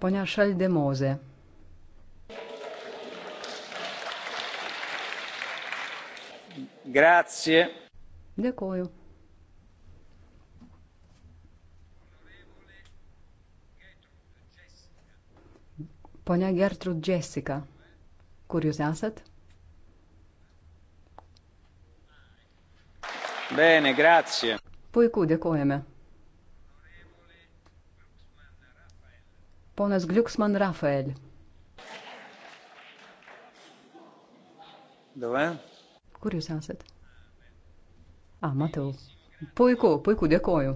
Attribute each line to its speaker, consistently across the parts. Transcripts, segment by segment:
Speaker 1: Pone Šaldemozė. Grazie. Dėkoju. Pone Gertrud Jessica, kur jūs esat? Bene, grazie. Puiku, dėkojame. Ponas Gliuksman Rafael. Dovai. Kur jūs esat? A, matau. Puiku, puiku, dėkoju.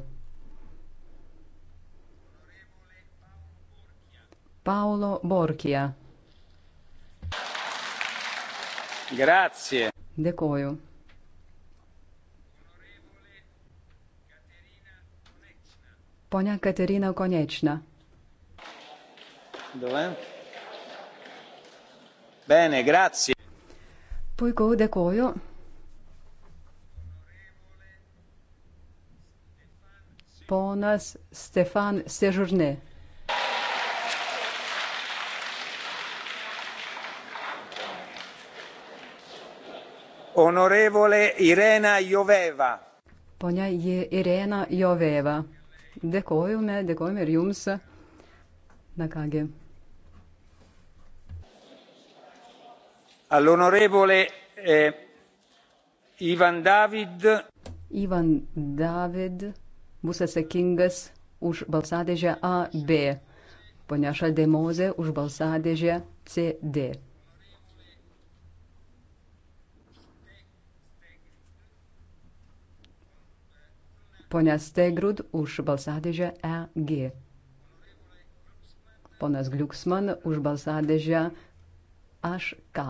Speaker 1: Paolo Borkija. Grazie. Dėkoju. Pone Katerina Konečna. Dov'è? Bene, grazie. Puiku dėkoju. Ponas Stefan Sežurnė. Honorevole Irena Joveva. Ponia Irena Joveva. Dėkojame, dėkojame ir jums. Na kągi. all'onorevole eh, Ivan David. Ivan David bus atsakingas už balsadėžę AB, ponia Šaldemozė už balsadėžę CD. Pone Stegrud už balsadėžę EG. Ponas Gliuksman už balsadėžę HK.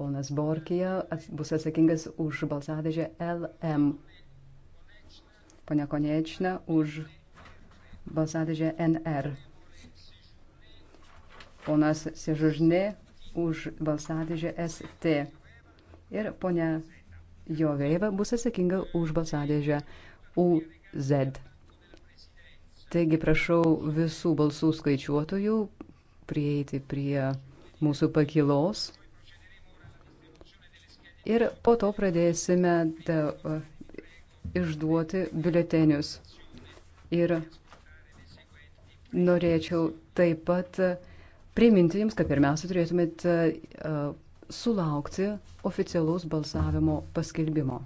Speaker 1: Ponas Borkija bus atsakingas už balsadėžę LM. Pone Konečna už balsadėžę NR. Ponas Sežužnė už balsadėžę ST. Ir ponia Joveiva bus atsakinga už balsadėžę UZ. Taigi prašau visų balsų skaičiuotojų prieiti prie mūsų pakilos ir po to pradėsime da, išduoti biuletenius. Ir norėčiau taip pat priminti Jums, kad pirmiausia turėtumėte sulaukti oficialaus balsavimo paskelbimo.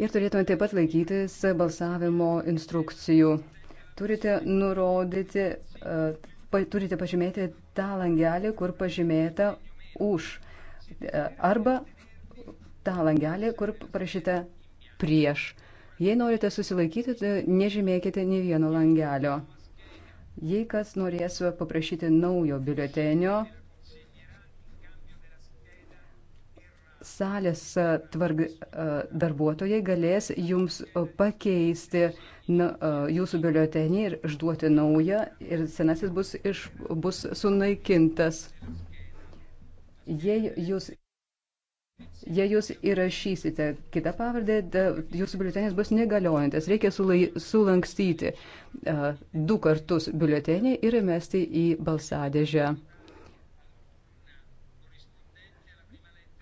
Speaker 1: Ir turėtume taip pat laikytis balsavimo instrukcijų. Turite nurodyti, turite pažymėti tą langelį, kur pažymėta už arba tą langelį, kur parašyta prieš. Jei norite susilaikyti, tai nežymėkite nei vieno langelio. Jei kas norės paprašyti naujo biuletenio, salės tvarg, darbuotojai galės jums pakeisti na, jūsų biuletenį ir išduoti naują ir senasis bus, iš, bus sunaikintas. Jei jūs, jei jūs įrašysite kitą pavardę, da, jūsų biuletenis bus negaliojantis. Reikia sulai, sulankstyti uh, du kartus biuletenį ir įmesti į balsadėžę.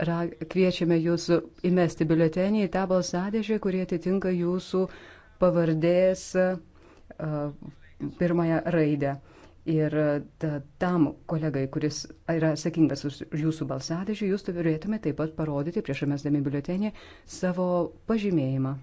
Speaker 1: Ra, kviečiame jūs įmesti biuletenį į tą balsadėžę, kurie atitinka jūsų pavardės uh, pirmąją raidę. Ir tam kolegai, kuris yra atsakingas už jūsų balsadėžį, jūs turėtumėte taip pat parodyti prieš mesdami biuletenį savo pažymėjimą.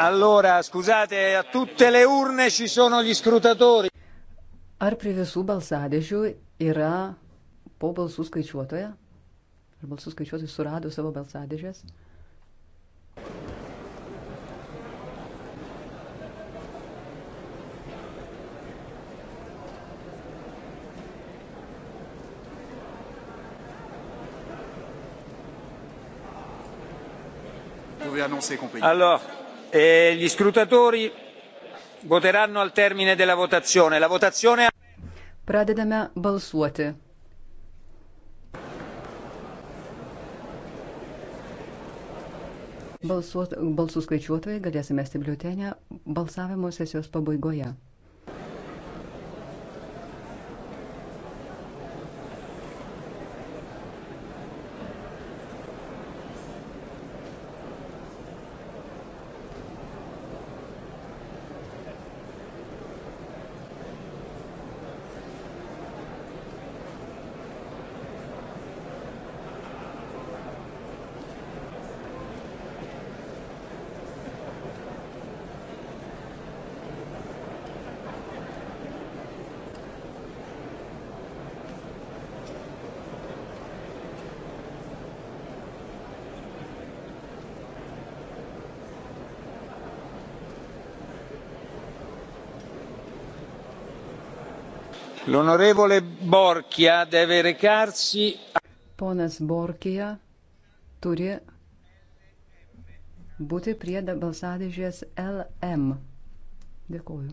Speaker 1: Allora, scusate, a tutte le urne ci sono gli scrutatori. Ar prie visų balsadėžių yra po balsų skaičiuotoja? Ar balsų skaičiuotojai surado savo balsadėžės? annoncer qu'on peut. Alors, E gli scrutatori voteranno al termine della votazione. La votazione... Pradedame balsuoti. Balsuot, balsų skaičiuotojai galės įmesti biuletenę balsavimo sesijos pabaigoje. L'onorevole Borkia deve recarsi. Ponas Borkia turi būti prie balsadėžės LM. Dėkuoju.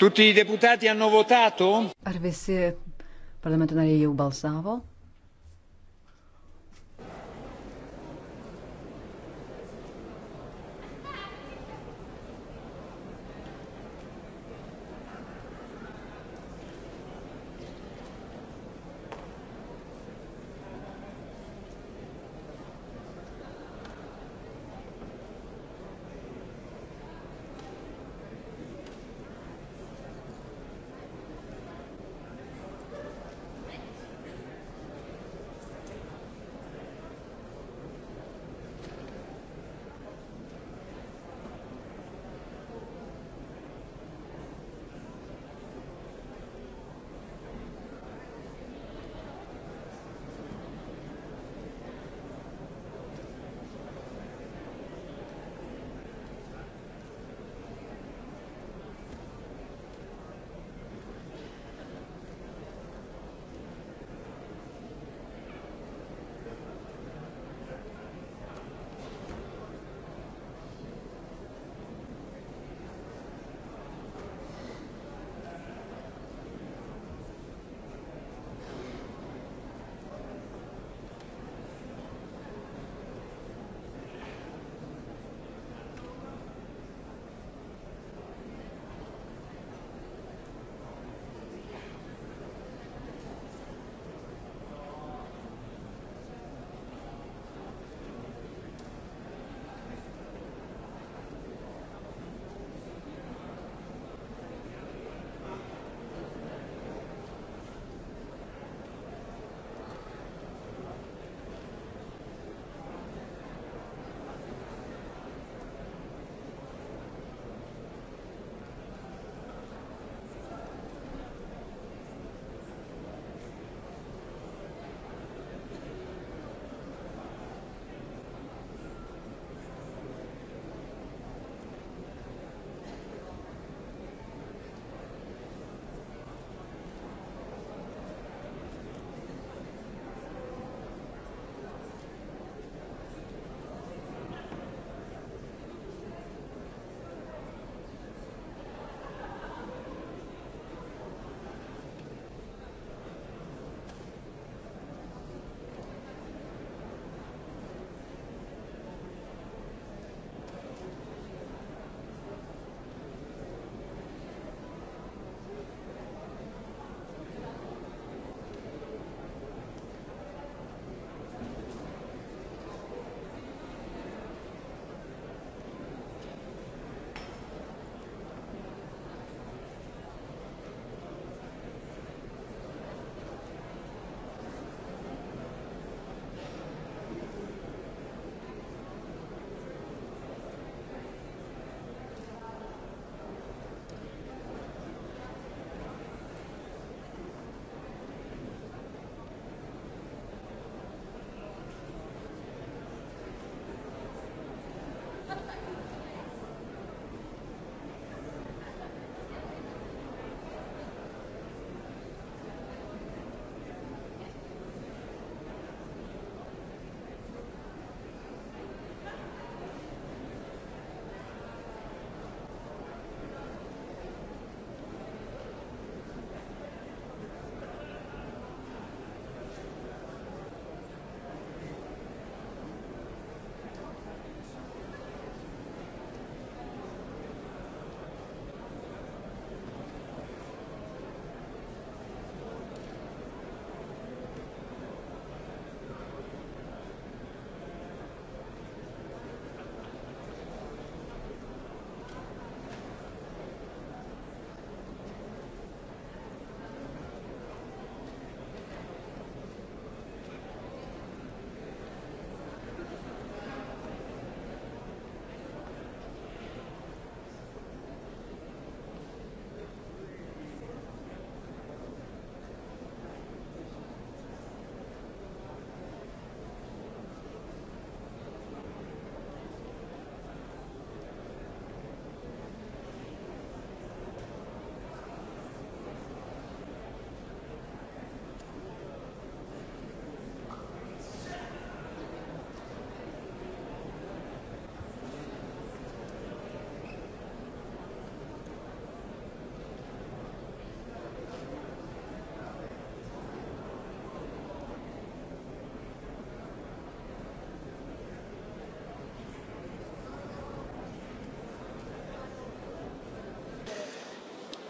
Speaker 1: Tutti i deputati hanno votato? Ar visi parlamento nariai jau balsavo?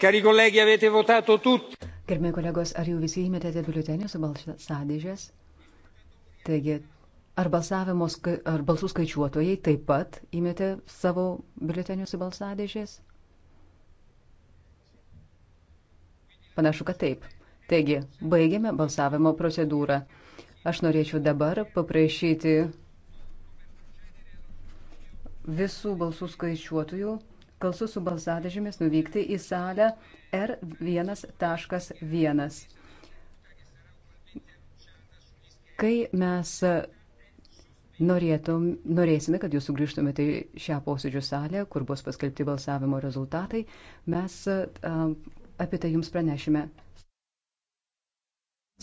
Speaker 1: Cari colleghi, avete votato tutti. Gerbėjai kolegos, ar jau visi įmetėte biuletenius į balsadėžės? Taigi, ar, ar balsų skaičiuotojai taip pat įmetė savo biuletenius į balsadėžės? Panašu, kad taip. Taigi, baigėme balsavimo procedūrą. Aš norėčiau dabar paprašyti visų balsų skaičiuotojų kalsu su balsadėžėmis nuvykti į salę R1.1. Kai mes norėtum, norėsime, kad jūs sugrįžtumėte į šią posėdžių salę, kur bus paskelbti balsavimo rezultatai, mes uh, apie tai jums pranešime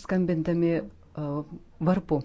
Speaker 1: skambindami uh, varpu.